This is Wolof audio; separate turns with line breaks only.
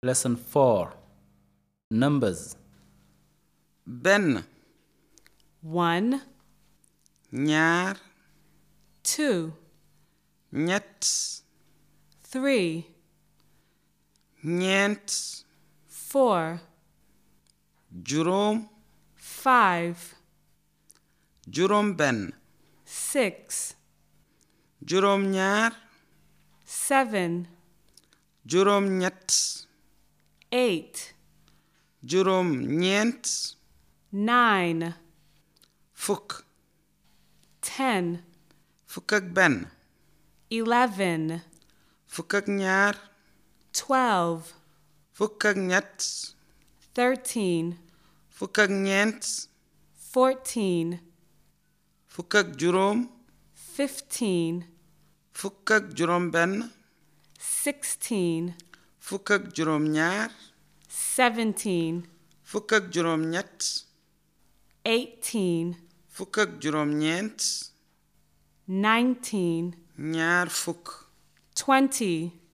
Lesson 4 Numbers Benn One Ñaar Two Ñett Three Ñeent Four Juróom Five
Juróom benn
Six
Juróom ñaar
Seven
Juróom ñett
eight juróom ñeent nine fukk ten fukk ak benn eleven fukk ak ñaar twelve fukk ak ñett thirteen fukk ak ñeent fourteen fukk ak juróom fifteen fukk ak juróom benn sixteen fukk ak juróom-ñaar. seventeen. fukk ak juróom eighteen. fukk ak juróom nineteen.
ñaar fukk. twenty.